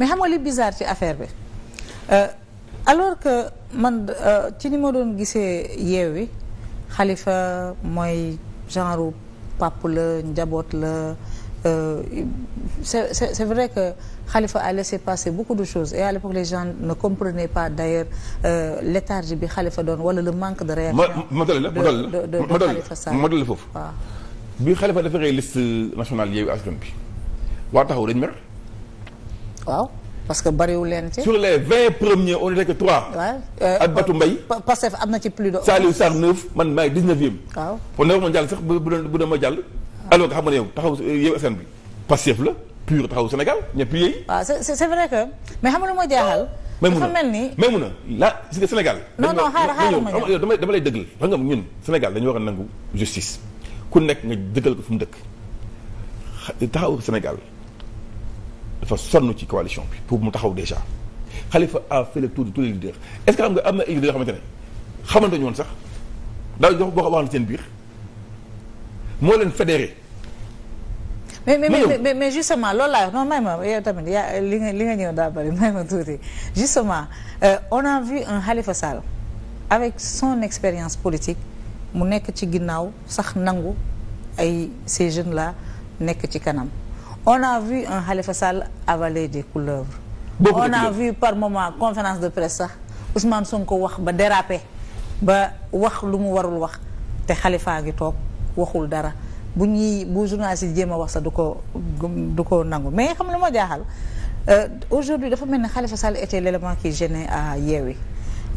mais xam nga li bizarre ci affaire bi euh, alors que man euh, ci ni ma doon gisee yi xalifa mooy genre pàpp la njaboot la euh, c'est c'est vrai que Khalifa a laissé passer beaucoup de choses et à l'époque les gens ne comprenaient pas d'ailleurs léthargie bi Khalifa doon wala le manque de réaction ma dal la ma la ma la foofu waaw bi Khalifa dafa rey liste nationale Yewwi Askan bi waa taxaw dañ mer waaw parce que bariwul leen ci. sur les vingt premiers on n'était que euh, ak Batou Mbaye. Pastef am na ci plus de. Saliou Sarr neuf man maay dix-neuvième. waaw kon nag ma jàll sax bu bu bu ma jàll. alors que xam nga ne yow taxaw yow askan bi Pastef la Sénégal ñëpp yeey. waaw c'est c'est vrai que mais xam ma jaaxal. dafa mel ni a non non xaaral xaaral ma dama dama lay dëggal xam nga ñun Sénégal dañu war a nangu justice ku nekk nga dëggal ko fu dëkk taxaw senegal dafa sonn ci coalition bi pour mu taxaw déjà Khalifa a fait le tour de tous les leaders est-ce que xam nga am na ay leaders yoo xamante ne xamante ñu woon sax daaw jox boo wax na seen biir moo leen fédéré. mais mais mais, mais mais justement loolu laa non may ma yow tamit yaa li nga li nga ñëw daa bëri may ma tuuti justement euh, on a vu un Khalifa Sall avec son expérience politique mu nekk ci ginnaaw sax nangu ay ces jeunes là nekk ci kanam. on a vu un Khalifa Sall avaler des couleuvres. on a par moment conférence de presse sax Ousmane ko wax ba dérapé ba wax lu mu warul wax te Khalifa ngi toog waxul dara bu ñuy bu journaliste yi jéem a wax sax du ko du ko nangu mais xam lu ma jaaxal euh, aujourd'hui dafa mel ni Khalifa Sall était l'élément qui gênait à Yewwi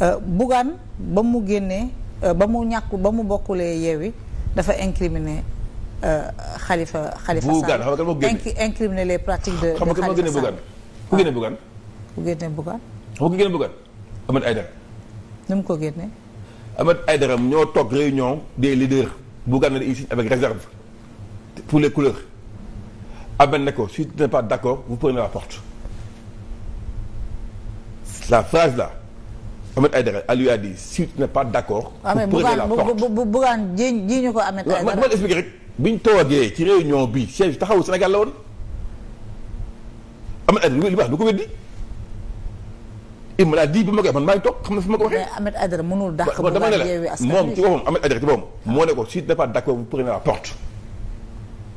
euh, Bougane ba mu génnee euh, ba mu ñàkku ba mu bokkulee Yewwi dafa incriminé Khalifa Khalifa Sall. incriminer les pratiques de de Khalifa Sall ku génne ah. Bougane. ku génne Bougane. xam nga ku génne Bougane Ahmed Aïdara. nu mu ko génne. Ahmed Aïdara ñoo toog réunion des leaders Bougane la ici avec réserve pour les couleurs Ahmed ne ko si tu n'es pas d'accord vous prenez la porte. la phrase là Ahmed Aïdara a lui a dit si tu n'es pas d'accord. Ah, vous prenez la porte waaw mais Bougane ñu ko Ahmed Aïdara. ma ma rek. biñ toogee ci réunion bi siège taxawu Sénégal la woon Ahmed lu li baax du ko weddi il m'a dit bi ma koy man maa toog xam na fi ma ko waxee. mais Ahmed Aïdara mënul dàq. bu moom ci boppam Ahmed Aïdara ci boppam. moo ne ko si n'est pas d'accord vous prenez la porte.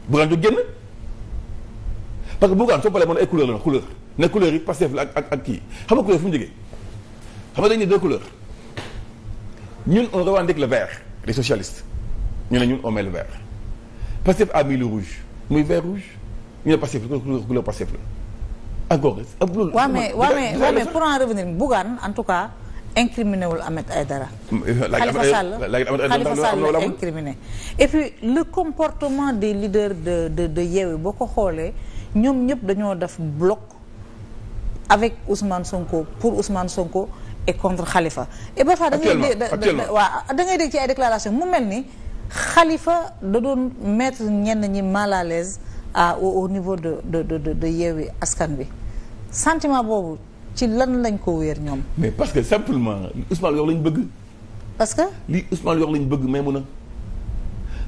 Bougane du génn parce que Bougane soo paree moom ay couleur la woon couleur ne couleur yi Pastef la ak ak ak kii xam couleur fu mu jógee xam nga dañu ne deux ñun on revendique le vert les socialistes ñu ne ñun on met Pastef a mis rouge muy vert rouge ñu ne Pastef la couleur la encore ab mais waaw mais pour en revenir Bougane en tout cas. incriminé wul Ahmed Aïdara. Euh, Khalifa Sall Khalifa Sall la incriminé et puis le comportement des leaders de boo ko xoolee ñoom ñëpp dañoo def bloc avec Ousmane Sonko pour Ousmane Sonko et contre Khalifa. et ba fa da dégg ci ay déclaration mu mel ni. Khalifa da doon mettre ñenn ñi mal à l'aise à au, au niveau de de de de, de Yewwi Askan bi sentiment boobu ci lan lañ ko wéer ñoom. mais parce que simplement Ousmane yor lañ bëgg. parce que li Ousmane yor lañ bëgg Maïmouna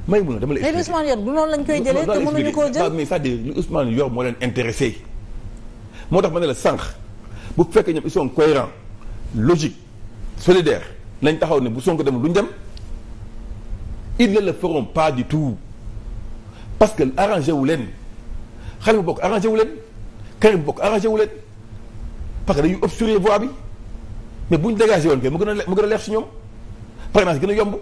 Maïmouna dama lay. expliqué mais Ousmane yor du noonu lañ koy jëlee te mënuñu koo jël mais c'est-à-dire li Ousmane yor moo leen intéressé moo tax ma ne la sànq bu fekkee ñoom ils sont cohérents logique solidaire nañ taxaw ne bu Sonko dem duñ dem. ils ne le feront pas du tout parce que arrangé wu leen Khalifa bokk arrangé wu leen Karim bokk arrangé wu leen parce que dañuy obstruer voie bi mais bu ñu dégagé woon kay mu gën a mu gën a leer si ñoom parrainage gën a yomb.